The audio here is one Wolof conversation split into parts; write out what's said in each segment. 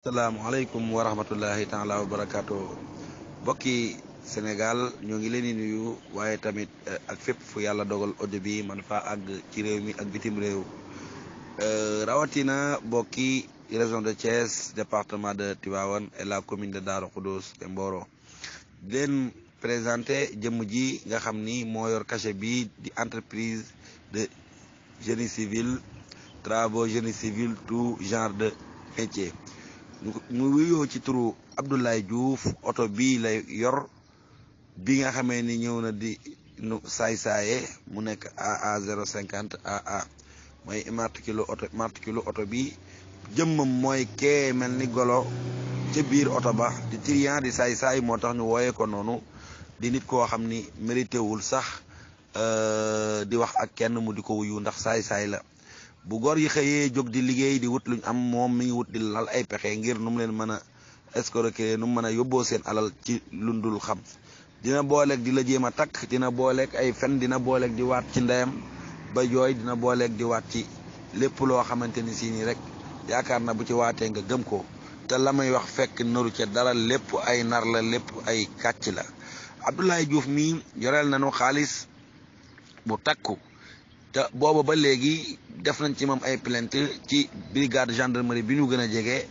asalaamaaleykum wa rahmatullahi taala wa barakaatu bokki Sénégal ñoo ngi leen di nuyu waaye tamit eh, ak fépp fu yàlla dogal audio bi man fa àgg ci réew mi ak bitim réew eh, rawatina bokki région de Thiès département de Tivaouane et la commune de Darou Khoudoss et Mboro di leen jëmm ji nga xam ni moo yor cachet bi di entreprise de génie civil travaux génie civil tout genre de métier mu wuyoo ci turu Abdoulaye Diouf oto bii la yor bi nga xamee ni ñëw na di nu saay saaye mu nekk AA 050 AA mooy immatricule oto immatricule oto bi jëmmam mooy kee mel ni golo ca biir oto ba di trian di saay saay moo tax ñu wooyee ko noonu di nit koo xam ni mérité wul sax euh, di wax ak kenn mu di ko wuyu ndax saay saay la. bu gor yi xëyee jóg di liggéey di wut luñ am moom mi ngi wut di lal ay pexe ngir nu mu leen mën a escroquer nu mu mën a yóbboo seen alal ci lu lundul xam dina booleeg di la jéem a takk dina booleek ay fen dina booleeg di waat ci ndeyam ba jooy dina booleeg di waat ci lépp loo xamante ni si nii rek yaakaar na bu ci waatee nga gëm ko te la may wax fekk naru ca dara lépp ay nar la lépp ay kàcc la Abdoulaye juuf mii yoreel nañu xaalis bu takku. te booba ba léegi def nañ ci moom ay plainte ci brigade gendarmerie bi ñu gën a jege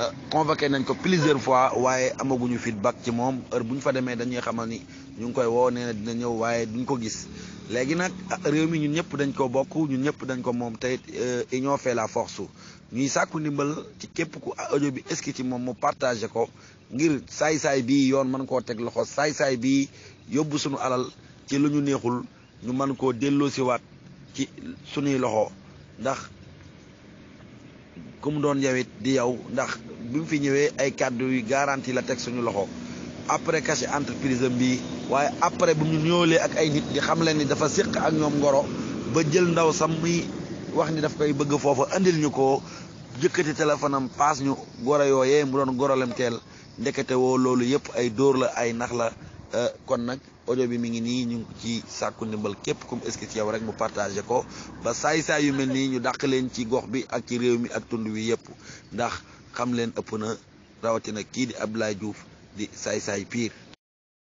euh, convoqué nañ ko plusieurs fois waaye amaguñu feedback ci moom heure bu ñu fa demee dañuy xamal ni ñu ngi koy woo nee na dina ñëw waaye duñ ko gis léegi nag ah, réew mi ñun ñëpp dañ ko bokk ñun ñëpp dañ ko moom tey euh, union fait la force ñuy sàkku ndimbal ci képp ku ah, audio bi est-ce ci moom mu partagé ko ngir saay-saay bi yoon mën koo teg loxo saay-saay bii yóbbu suñu alal ci lu ñu neexul ñu mën koo delloo siwaat ci suñuy loxo ndax ku mu doon yow di yow ndax bi mu fi ñëwee ay kàddu yu garanti la teg suñu loxo après caché entreprise am bii waaye après bu ñu ñëwalee ak ay nit di xam leen ni dafa séq ak ñoom ngoro ba jël ndaw sam muy wax ni daf koy bëgg foofa andil ñu ko jëkkati téléphone am paas ñu goro yooyee mu doon gorolem teel ndekete woo loolu yëpp ay dóor la ay nax la Euh, kon nag audio bi mu ngi nii ñu ci sàkku ndimbal képp kum est-ce que ci rek mu partagé ko ba saay-saay yu mel nii ñu dàq leen ci gox bi ak ci réew mi ak tund bi yëpp ndax xam leen ëpp na rawatina kii di ab Abdoulaye Diouf di saay-saay piir